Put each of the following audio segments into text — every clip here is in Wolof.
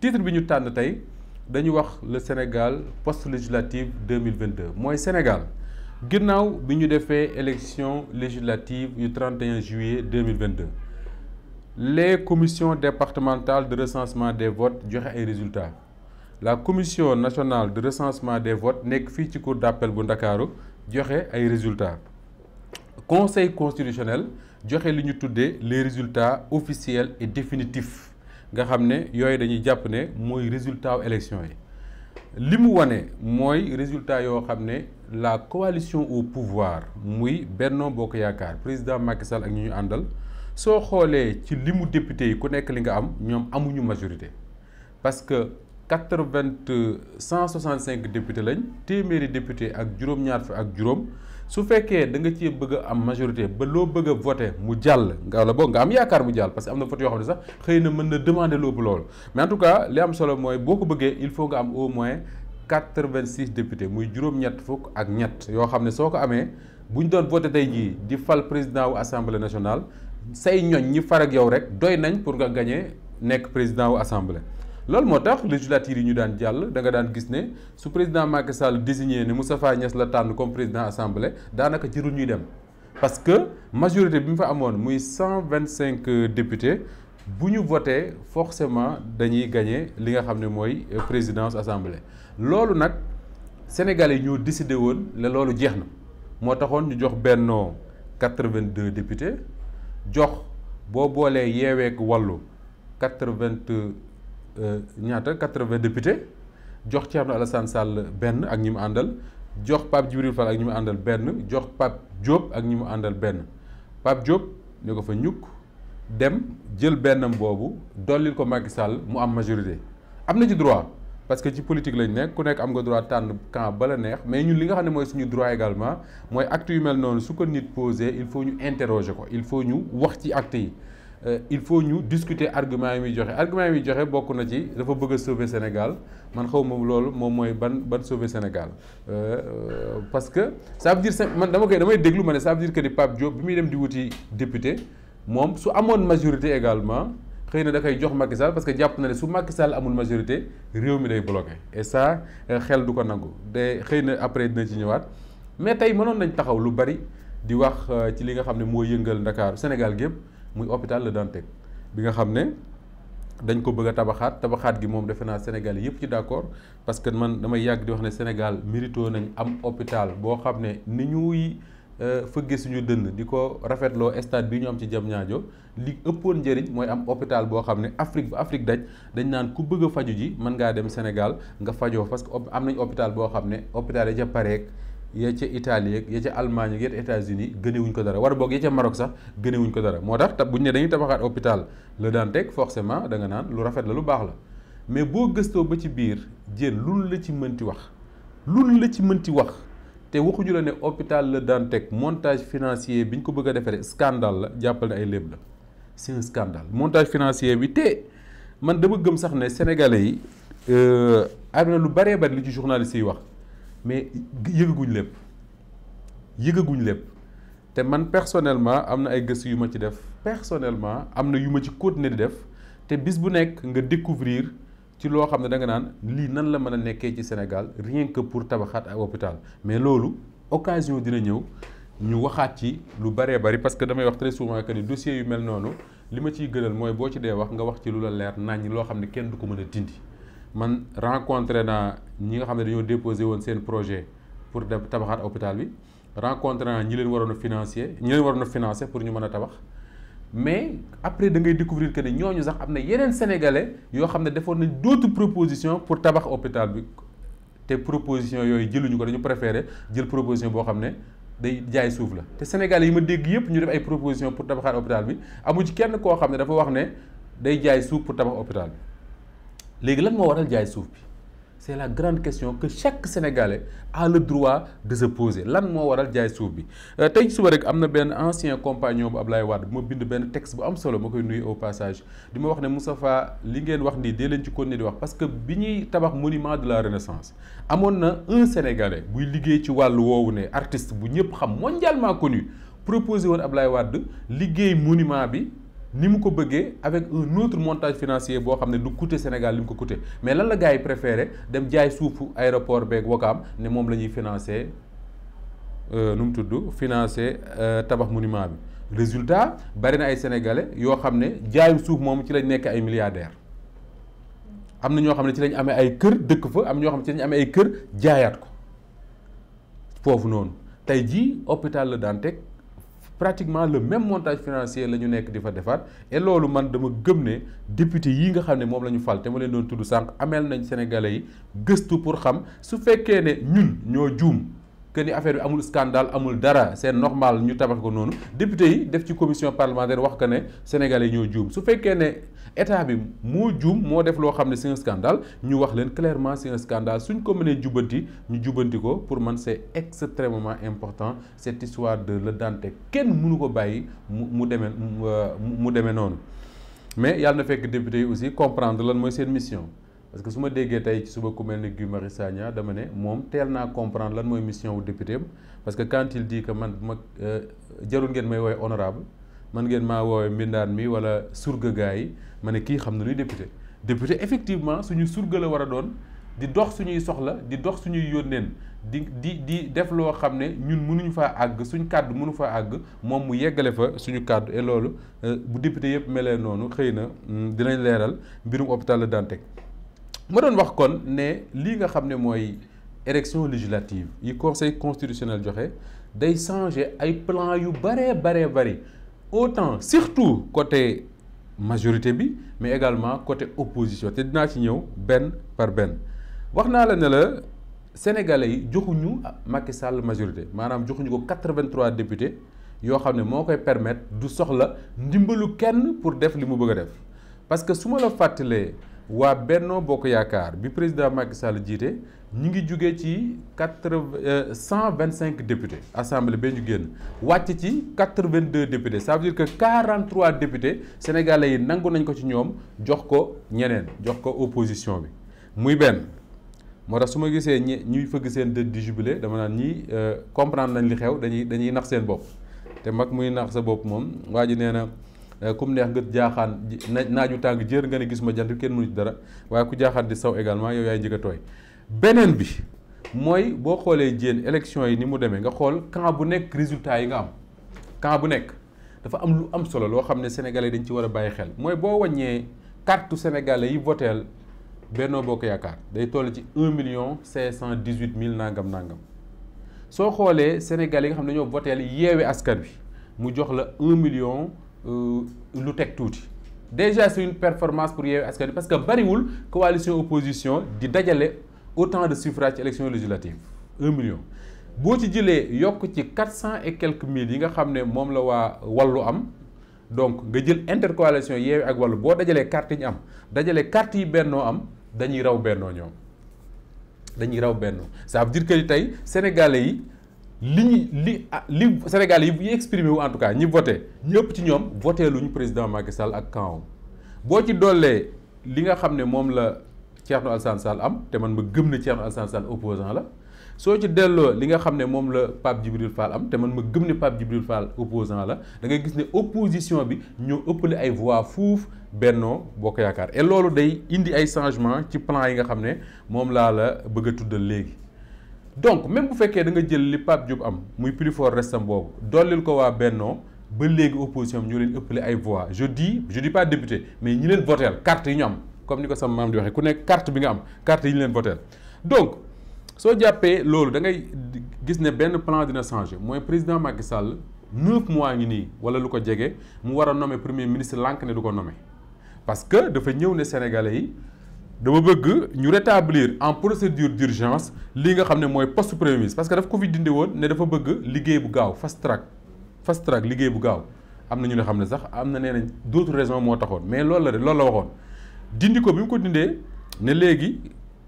titre bi ñu tànn tey dañu wax le Sénégal post législative 2022 mooy Sénégal ginnaaw bi ñu defee élection législative yu 31 juillet 2022 les commissions départementales de recensement des votes joxe ay résultat la commission nationale de recensement des votes nekk fii ci cour d'appel bu Ndakaaru joxe ay résultats conseil constitutionnel joxe li ñu tuddee les résultats officiels et définitifs nga xam ne yooyu dañuy jàpp ne mooy résultat élection yi li mu wane mooy résultat yoo xam ne la coalition au pouvoir muy Benno Bokk Yaakaar président Macky Sall ak ñu ñu àndal soo xoolee ci limu député yi ku nekk li nga am ñoom amuñu majorité parce que quatre-vingt cent soixante-cinq député lañ téeméeri député ak juróom-ñaar fi ak juróom su fekkee da nga ci bëgg am majorité ba loo bëgg a mu jàll nga la boog nga am yaakaar mu jàll parce que am na vote yoo xam ne sax xëy na mën na demander loobu loolu mais en tout cas li am solo mooy boo ko bëggee il faut nga am au moins quatre-vingt-six députés muy juróom-ñett fukk ak ñett yoo xam ne soo ko amee bu ñu doon voté tey jii di fal président wu assemblée nationale say ñoñ ñi far ak yow rek doy nañ pour nga gagné nekk président wu assemblée loolu moo tax législature yi ñu daan jàll da nga daan gis ne su président Macky Sall désigné ne Moustapha Niass la tànn comme président assemblée daanaka jërul ñuy dem parce que majorité bi mu fa amoon muy cent vingt cinq députés bu ñu voté forcément dañuy gagné li nga xam ne mooy présidence assemblée loolu nag sénégal yi ñoo décidé woon ne loolu jeex na moo taxoon ñu jox bennoo quatre vingt deux députés jox boo boolee yeeweek wàllu quatre vingt Euh, ñaata quatre-vingts députés jox Thierno Alassane Sall benn ak ñi mu àndal jox Pape Djibril Fall ak ñi mu àndal benn jox Pape Diop ak ñi mu àndal benn Pape Diop ne ko fa ñukk dem jël benn boobu dollil ko Macky Sall mu am majorité am na ci droit parce que ci politique lañ nekk ku nekk am nga droit tànn camp ba la neex mais ñun li nga xam ne mooy suñu droit également mooy acte yu mel noonu su ko nit posé il faut ñu interroger ko il faut ñu wax ci act yi Euh, il faut ñu discuter argument yi muy joxe argument yi joxe bokk na ci dafa bëgg a Sénégal man xaw ma loolu moom mooy ban ban sauver Sénégal euh, euh, parce que ça veut dire man dama koy damay déglu ma ne ça veut dire que ni Pape Diop bi muy dem di wuti député moom su amoon majorité également xëy na da koy jox Macky Sall parce que jàpp na ne su Macky Sall amul majorité réew mi day bloqué et ça xel du ko nagu de xëy na après dina ci ñëwaat mais tey mënoon nañ taxaw lu bari di wax ci li nga xam ne moo yëngal Ndakaaru Sénégal gépp muy hôpital Le Dantec bi nga xam ne dañ ko bëgg a tabaxaat tabaxaat gi moom defe naa Sénégal yëpp ci d' accord parce que man damay yàgg di wax ne Sénégal mérito nañ am hôpital boo xam ne ni ñuy euh, fëgge suñu dënn di ko rafetloo stade bi ñu am ci ñaajo li ëppoon njëriñ mooy am hôpital boo xam ne Afrique ba Afrique daj dañ naan ku bëgg faju ji mën ngaa dem Sénégal nga fajoo parce que am nañ hôpital boo xam ne hôpital yi ca pareek ya ca Italie ya ca Allemagne ak ya ca États-Unis gënewuñ ko dara war boog ya ca Maroc sax gënewuñ ko dara moo tax buñ ne dañuy tabaxaat hôpital Le Dantec forcément da nga naan lu rafet la lu baax la mais boo gëstoo ba ci biir jéen luñ la ci mënti wax luñ la ci mënti wax te waxuñu la ne la daan teg montage financier bi ñu ko bëgg a defaree scandale la jàppale ne ay léeb la c'est un scandale montage financier bi te man dama gëm sax ne sénégalais yi euh, am na lu baree bari lu ci journaliste yi wax. mais yëgaguñ lépp yëgaguñ lépp te man personnellement am na ay gëstu yu ma ci def personnellement am na yu ma ci continuer di def te bis bu nekk nga découvrir ci loo xam ne da naan lii nan la mën a nekkee ci Sénégal rien que pour tabaxaat ay hôpital mais loolu occasion dina ñëw ñu waxaat ci lu bëree bëri parce que damay wax très souvent ni dossier yu mel noonu li ma ciy gënal mooy boo ci dee wax nga wax ci lu la leer naññ loo xam ne kenn du ko mën a dindi man rencontre naa ñi nga xam ne dañoo déposé woon seen projet pour dem tabaxaat hôpital bi rencontré naa ñi leen waroon a financier ñi leen waroon a pour ñu mën a tabax mais après da ngay découvrir que ne ñooñu sax am na yeneen sénégalais yoo xam ne defoon nañ d'autres proposition pour tabax hôpital bi te proposition yooyu jëluñu ko dañu préféré jël proposition boo xam ne day jaay suuf la te sénégalais yi ma dégg yëpp ñu def ay proposition pour tabaxaat hôpital bi amu ci kenn koo xam ne dafa wax ne day jaay suuf pour tabax hôpital bi léegi lan moo waral jaay suuf bi c'est la grande question que chaque sénégalais à le droit de se poser lan moo waral jaay suuf bi euh, tey suba rek am na benn ancien compagnon bu Ablaye Wade bu ma bind benn text bu am solo ma koy nuyu au passage di ma wax ne Moustapha li ngeen wax nii de leen ci kon continuer di wax parce que bi ñuy tabax monument de la renaissance amoon na un sénégalais buy liggéey ci wàllu woowu ne artiste bu ñëpp xam mondialement connu proposé woon Ablaye Wade liggéey monument bi. ni mu ko bëggee avec un autre montage financier boo xam ne du coûter Sénégal li mu ko coûter mais lan la gars yi préféré dem jaay suufu aéroport beeg Wakaam ne moom la ñuy financer euh, nu mu tudd financer euh, tabax monument bi résultat bari na ay sénégalais yoo xam ne jaayu suuf moom ci lañ nekk ay milliardaires am na ñoo xam ne ci lañ amee ay kër dëkk fa am ñoo xam ne ci lañ amee ay kër jaayaat ko foofu noonu tey jii hôpital Le Dantec pratiquement le même montage financier la ñu nekk di fa defaat e loolu man dama gëm ne député yi nga xam ne moom la ñu fal te ma leen doon tudd sànq ameel nañu senegale yi gëstu pour xam su fekkee ne ñun ñoo juum. que ni affaire bi amul scandale amul dara seen normal ñu tabax ko noonu député yi def ci commission parlementaire wax ko ne sénégalais ñoo juum su fekkee ne état bi moo juum moo def loo xam ne c'est un scandale ñu wax leen clairement c'est un scandale suñ ko mënee jubbanti ñu jubbanti ko pour man c'est extrêmement important cette histoire de la Dantec kenn mënu ko bàyyi mu mu demee euh, mu demee noonu mais yàlla na fekk député yi aussi comprendre lan mooy seen mission. parce que su ma déggee tey ci suba ku mel ni Guy Marius Sagna dama ne moom teel naa comprendre lan mooy mission wu député parce que quand il dit que man bu ma euh, jarul ngeen may woowee honorable man ngeen ma woowee mbindaan mi wala surga gaa yi ma ne kii xam na luy député député effectivement suñu surga la war a doon di dox suñuy soxla di dox suñuy yónneen di di di def loo xam ne ñun mënuñu faa àgg suñ kàddu mënu faa àgg moom mu yeggale fa suñu kàddu e loolu euh, bu député yëpp melee noonu xëy na hmm, dinañ leeral mbirum hôpital de ma doon wax kon ne lii nga xam ne mooy élection législative yi conseil constitutionnel joxe day changer ay plan yu bare bare bari autant surtout côté majorité bi mais également côté opposition te dinaa ci ñëw benn par benn wax naa la ne la sénégalais yi joxuñu Macky Sall majorité maanaam joxuñu ko 83 députés yoo xam ne moo koy permettre du soxla ndimbalu kenn pour def li mu bëgg a def parce que su ma la fàttalee. waa Bennoo Bokk Yaakaar bi président Macky Sall jiite ñu ngi jugee ci quatre euh, cent vingt cinq députés assemblée ba ñu génn wàcc ci quatre vingt deux députés que quarante trois députés sénégalais yi nangu nañ ko ci ñoom jox ko ñeneen jox ko opposition bi muy benn. moo tax su ma gisee ñi ñuy fëgg seen dëj di jubilé dama naan ñii euh, comprendre nañ li xew dañuy dañuy nax seen bopp te mag muy nax sa bopp moom waa ji nee na. Eh, kum neex nga jaaxaan naa naaju tàng jër nga ne gis ma jant kenn mënu ci dara waaye ku jaaxaan di saw également yow yaay njëkk tooy beneen bi mooy boo xoolee jéen élection yi ni mu demee nga xool camp bu nekk résultat yi nga am camp bu nekk dafa am lu am solo loo xam ne sénégalais dañ ci war a bàyyi xel mooy boo waññee carte sénégalais yi voteel Benno Bokk Yaakaar day toll ci un million cinq cent dix-huit mille nangam nangam soo xoolee sénégalais yi nga xam ne dañoo voteel yeewe askan wi mu jox la un Euh, lu teg tuuti déjà c'est une performance pour Yewwi Askan parce que bariwul coalition opposition di dajale autant de suffrages ci élection législative un million boo ci jëlee yokk ci quatre cent et quelques mille yi nga xam ne moom la waa wallu am donc nga jël intercoalition Yewwi ak wàllu boo dajalee carte yi ñu am dajale carte yi bennoo am dañuy raw bennoo ñoom dañuy raw bennoo ça veut dire que tey sénégalais yi li ñu li ah, li Sénégal yi yi exprimé wu en tout cas ñi voté ñëpp ci ñoom voté luñu président Macky Sall ak camp boo ci doolee li nga xam ne moom la Thierno Alassane Sall am te man ma gëm ne Thierno Alassane Sall opposant la soo ci delloo li nga xam ne moom la Pape Djibril Fall am te man ma gëm ne Pape Djibril Fall opposant la dangay gis ne opposition bi ñoo ëppale ay voix fuuf Benno Bokk Yaakaar et loolu day indi ay changement ci plan yi nga xam ne moom laa la bëgg a léegi donc même bu fekkee dangay jël li Pape Diop am muy plus fort restam boobu dollil ko waa Bennoo ba léegi opposition am ñoo leen ëppale ay voix je dis je dis pas député mais ñi leen voteel carte yi ñu am comme ni ko sama maam di waxee ku nekk carte bi nga am carte yi ñu leen voteel donc soo jàppee loolu da ngay gis ne benn plan dina changé mooy président Macky Sall neuf mois ngi nii wala lu ko jege mu war a nome premier ministre lank ne du ko nommer parce que dafa ñëw ne sénégalais yi. dama bëgg ñu rétablir en procédure d'urgence li nga xam ne mooy poste premier ministre parce que daf ko fi dindi woon ne dafa bëgg liggéey bu gaaw fast track fast track liggéey bu gaaw am na ñu ne xam ne sax am na nee nañ d'autres raisons moo taxoon mais loolu la de loolu la waxoon dindi ko bi mu ko dindee ne léegi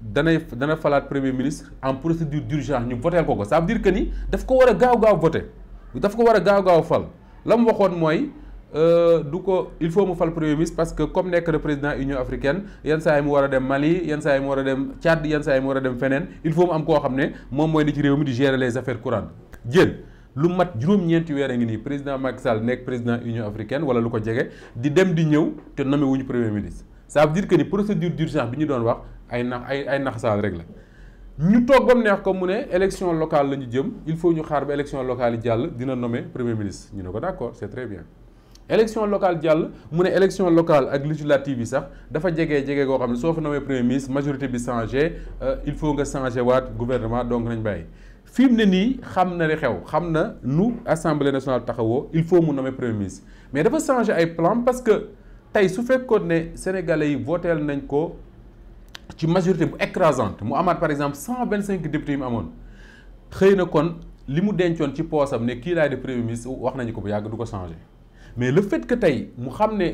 danay dana falaat premier ministre en procédure d'urgence ñu voté ko ko ça veut dire que ni daf ko war a gaaw gaaw voté daf ko war a gaaw gaaw fal la mu waxoon mooy Euh, du ko il faut mu fal premier ministre parce que comme nekk na président union africaine yenn saa yi mu war a dem Mali yenn saa yi mu war a dem Tchad yenn saa yi mu war a dem feneen il faut mu am koo xam ne moom mooy ni ci réew mi di gérer les affaires courantes jël lu mat juróom-ñeenti weer a ngi nii président Macky Sall nekk président union africaine wala lu ko jege di dem di ñëw te nommé wuñu premier ministre ça veut dire que ni procédure d'urgence bi ñu doon wax ay ay ay naxsaal rek la ñu toog ba mu neex ko mu ne élection locale ñu jëm il faut ñu xaar ba élection ñu ne ko d'accord c'est très élection locale jàll mu ne élection locale ak législative yi sax dafa jege jege koo xam ne soo fa nommé premier ministre majorité bi changé euh, il faut nga changé waat gouvernement donc nañ bàyyi. fi mu ne nii xam na li xew xam na nu assemblée nationale taxawoo il faut mu nommer premier ministre mais dafa changé ay plan parce que tey su fekkoon ne sénégalais yi voteel nañ ko ci majorité bu écrasante mu amaat par exemple cent vingt cinq députés yu mu amoon xëy na kon li mu dencoon ci poosam ne kii laay de premier ministre wax nañu ko bu yàgg ko changé. mais le fait que tey mu xam ne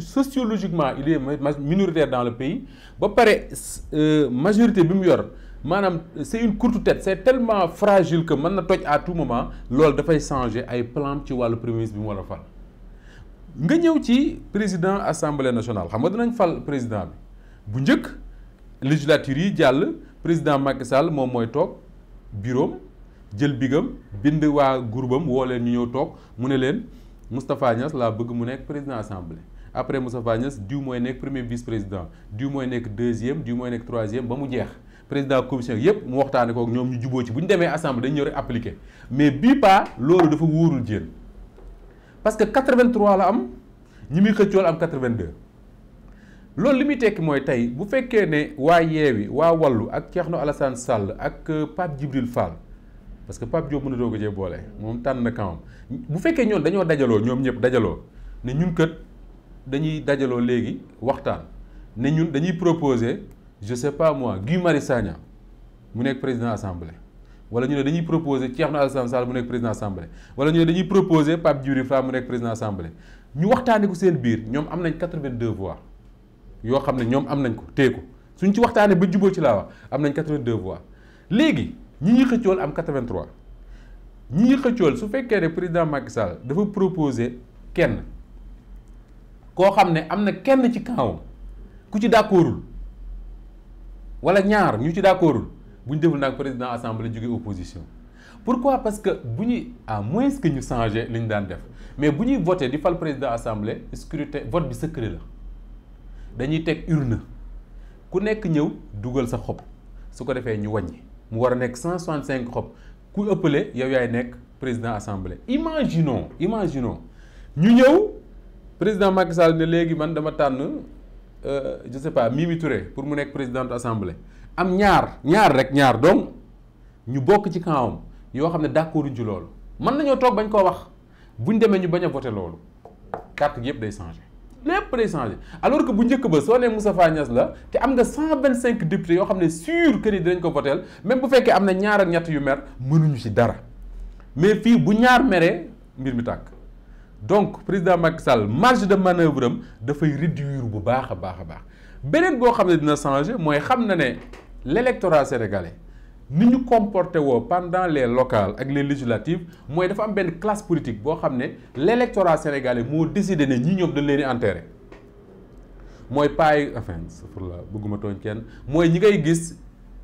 sociologiquement il est minoritaire dans le pays ba pare euh, majorité bi mu yor maanaam c'est une courte tête c'est tellement fragile que mën na toj à tout moment loolu dafay changer ay plan ci wàllu premier ministre bi mu war a fal nga ñëw ci président assemblée nationale xam nga dinañ fal président bi bu njëkk législature yi jàll président Macky Sall moom mooy toog bureau jël bigam bind waa groupam woo leen ñu ñëw toog mu ne leen Moustapha Niass laa bëgg mu nekk président assemblée après Moustapha Niass diw mooy nekk premier vice président diw mooy nekk deuxième diw mooy nekk troisième ba mu jeex président commission yëpp mu waxtaane ko ak ñoom ñu juboo ci bu ñu demee assemblée dañu ñëw rek appliqué mais bii pas loolu dafa wóorul jéen parce que 83 la am ñi muy xëccool am 82. loolu li muy tekki mooy tey bu fekkee ne waa Yewwi waa Wallu ak Thierno Alassane Sall ak euh, Pape Djibril Fall. parce que Pape Diop mën ko doog a boole moom tànn na kawam bu fekkee ñoom dañoo dajaloo ñoom ñëpp dajaloo ne ñun kët dañuy dajaloo léegi waxtaan ne ñun dañuy proposer je sais pas mois Guy Marius Sagna mu nekk président assemblée wala ñu ne dañuy proposer Thierno Alassane Sall mu nekk président assemblée wala ñu ne dañuy proposer Pape Djibril Fall mu nekk président assemblée ñu waxtaanee ko seen biir ñoom am nañ 82 voix yoo xam ne ñoom am nañ ko téye suñ ci waxtaanee ba jubóo ci laa wax am nañ 82 voix léegi. ñu ñuy xëccool am 83 ñi ñuy su fekkee ne président Macky dafa proposé kenn koo xam ne am na kenn ci kanam ku ci d'accordul wala ñaar ñu ci d'accordul bu ñu deful nag président assemblée jóge opposition pourquoi parce que bu ñuy à moins que ñu changé li ñu daan def mais bu ñuy voté di fal président assemblée scrutin vote bi secret la dañuy teg urne ku nekk ñëw dugal sa xob su ko defee ñu wàññi. mu war a nekk cent cinq xob ku ëppale yow yaay nekk président assemblée imaginons imaginons ñu ñëw président Macky Sall ne léegi man dama tànn euh, je sais pas Mimi Touré pour mu nekk président assemblée am ñaar ñaar rek ñaar donc ñu bokk ci kawam yoo xam ne d'accorduñ ci loolu mën nañoo toog bañ ko wax buñ demee ñu bañ a voté loolu carte gi yëpp day changé lépp day changé alors que bu njëkk ba soo nee Moustapha Niass la te am nga 125 députés yoo xam ne sûr kër yi dinañ ko voteel même bu fekkee am na ñaar ak ñett yu mer mënuñu ci dara mais fii bu ñaar meree mbir mi tàkk donc président Macky Sall marge de manœuvre am dafay réduire bu baax a baax a baax beneen boo xam ne dina changé mooy xam na ne l' électorat ni ñu comporté woo pendant les locales ak les législatives mooy dafa am benn classe politique boo xam ne lee électorat sénégalais moo décidé ne ñi ñoom dañ leen di mooy paay enfin safurla bëgguma tooñ kenn mooy ñi ngay gis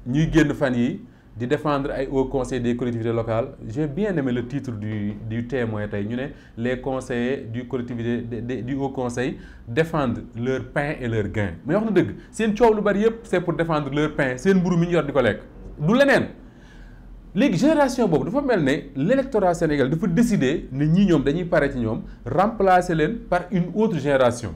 ñuy génn fan yi di défendre ay haut conseil des collectivités locale j'ai bien aimé le titre du du témoin tey ñu ne les conseillers du collectivité du haut conseil défendent leur pain et leur gain mais wax na dëgg seen coow lu bari yëpp c'est pour défendre leur pain mi ñu yor di lekk du leneen léegi génération boobu dafa mel ne l'électorat sénégal dafa décider ne ñi ñoom dañuy pare ci ñoom remplacer leen par une autre génération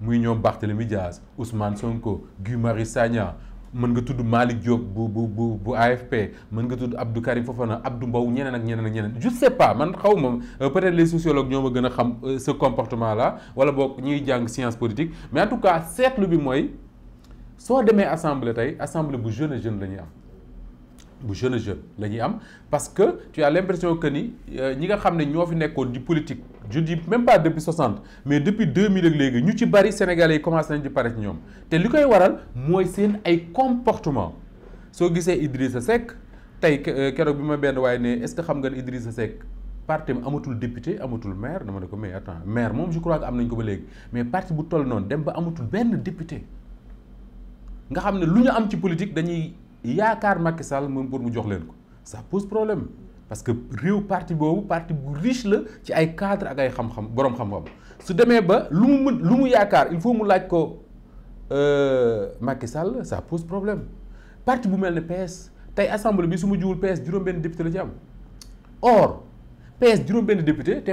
muy ñoom Barthélémy Diaz Ousmane Sonko Guy Marius Sagna mën nga tudd Malick Diop bu bu bu bu AFP mën nga tudd Abdou Karim Fofana Abdou Mbow ñeneen ak ñeneen ak ñeneen je sais pas man xaw ma euh, peut-être les sociologues ñoo ma gën a xam euh, ce comportement la wala book ñuy jàng science politique mais en tout cas seetlu bi mooy soo demee assemblée tey assemblée bu jeune jeune la ñuy am. bu jeune jeune la am parce que tu as l'impression que ni euh, ñi nga xam ne ñoo fi nekkoon di politique je dis même pas depuis 60 mais depuis 2000 ak léegi ñu ci bari sénégalais yi commencé nañ pare ci ñoom te li koy waral mooy seen ay comportement soo gisee Idrissa Seck tey euh, keroog bi ma benn waaye ne est xam nga ne Idrissa Seck parti amatul député amatul maire dama ne ko mais attends maire moom je crois que am nañ ko ba léegi mais parti bu toll noonu dem ba amatul benn député nga xam ne lu ñu am ci politique dañuy. yaakaar Macky Sall moom pour mu jox leen ko ça pose problème parce que réew parti boobu parti bu riche la ci ay cadre ak ay xam-xam boroom xam-xam su demee ba lu mu mën lu mu yaakaar il faut mu laaj ko euh, Macky Sall ça pose problème parti bu mel ne PS tey assemblée bi su ma jiwul PS juróom-benn député la ci am or PS juróom-benn député te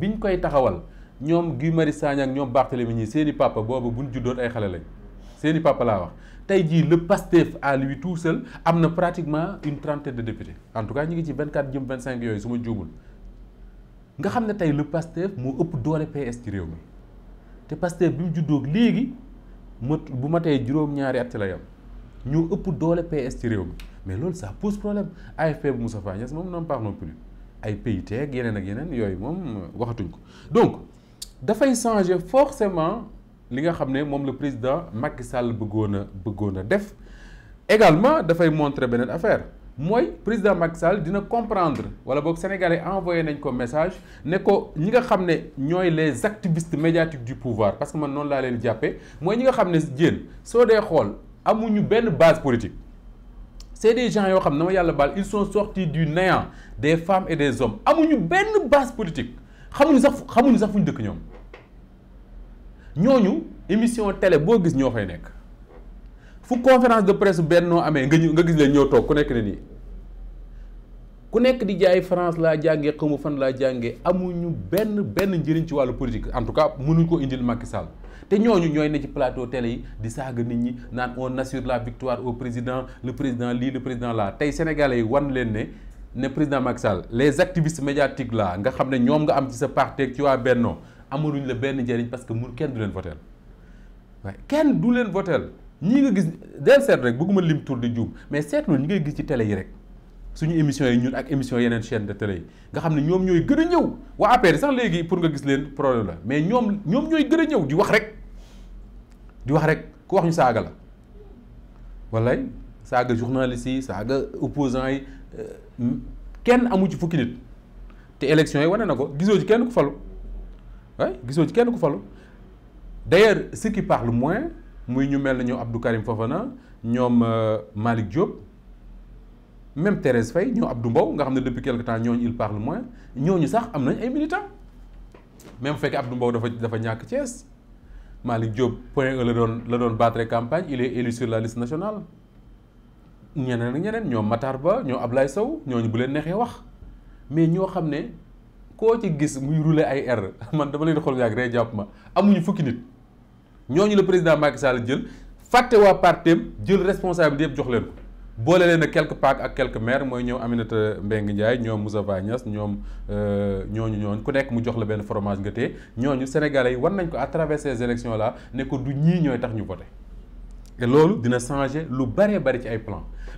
bi ñu koy taxawal ñoom Guy mari Sagna ak ñoom Barthélémy ñi seeni papa boobu buñ juddoon ay xale lañ. seeni papa laa wax tey jii le Pastef à lui tout am na pratiquement une trentaine de députés en tout cas ñu ngi ci vingt quatre jëm vingt cinq yooyu su ma juumul nga xam ne tey le Pastef moo ëpp doole PS ci réew mi te Pastef bi mu juddoo léegi mot bu ma tey juróom-ñaari at la yam ñoo ëpp doole PS ci réew mi mais loolu ça pose problème AFP bu Moustapha Niasse moom n'en parlons plus ay PIT ak e yeneen ak yeneen yooyu moom euh, waxatuñ ko donc dafay changer forcément. li nga xam ne moom le président Macky Sall bëggoon a bëggoon a def également dafay montrer beneen affaire mooy président Macky Sall dina comprendre wala boog sénégalais envoyé nañ ko message ne ko ñi nga xam ne ñooy les activistes médiatiques du pouvoir parce que man noonu laa leen jàppee mooy ñi nga xam ne jéen soo dee xool amuñu benn base politique c'est des gens yoo xam ne dama yàlla bal ils sont sortis du néant des femmes et des hommes amuñu benn base politique xamuñu sax xamuñu sax fu dëkk ñoom. ñooñu émission télé boo gis ñoo fay nekk fu conférence de presse bennoo amee nga nga gis leen ñëw toog ku nekk ne nii ku nekk di jaay France laa jàngee xamu fan laa jàngee amuñu benn benn njëriñ ci wàllu politique en tout cas mënuñ ko indi Macky Sall te ñooñu ñooy ne ci plateau télé yi di saaga nit ñi naan on assure la victoire au président le président lii le président laa tey sénégalais yi wan leen ne ne président Macky Sall les activistes médiatiques là nga xam ne ñoom nga am ci sa parti ci waa Bennoo amaluñ la benn njëriñ parce que mu kenn du leen voté waaye kenn du leen voté ñii nga gis del seet rek bëgguma lim tour di juum mais seetlu ñi ngay gis ci télé yi rek suñu émission yi ñun ak émission yeneen chaîne de télé yi nga xam ne ñoom ñooy gën a ñëw waa APR sax léegi pour nga gis leen problème la mais ñoom ñoom ñooy gën a ñëw di wax rek di wax rek ku wax ñu saaga la wallay saaga journaliste yi saaga opposants yi euh, kenn amu ci fukki nit te élection yi wane na ko gisoo kenn ku falu oui gisoo ci kenn ku falu d' ailleurs ceux qui muy ñu mel na ñoom Abdou Karim Fofana ñoom euh, Malick Diop même Thérèse Faye ab du Mbow nga xam ne depuis quelque temps ñooñu il parle ñooñu sax am nañ ay militants même bu fekkee Abdou Mbow dafa dafa ñàkk Thiès Malick Diop point E la doon la campagne il est élu la liste nationale ñeneen ak ñeneen ñoom Matar Ba ñoom Ablaye Sow ñooñu bu leen neexee wax mais ñoo xam ne. koo ci gis muy rouler ay R man dama leen xool yàgg rek jàpp ma amuñu fukki nit ñooñu la président Macky Sall jël fàtte waa partem jël responsabilité yëpp jox leen boole leen ak quelques PAC ak quelques maires mooy ñoom Aminata Mbengue Ndiaye ñoom Moussa Niass ñoom euh, ñooñu ñooñu ku nekk mu jox la benn fromage nga téye ñooñu sénégalais yi war nañ ko à travers ces élections là ne ko du ñii ñooy tax ñu voté te loolu dina changer lu baree bari ci ay plan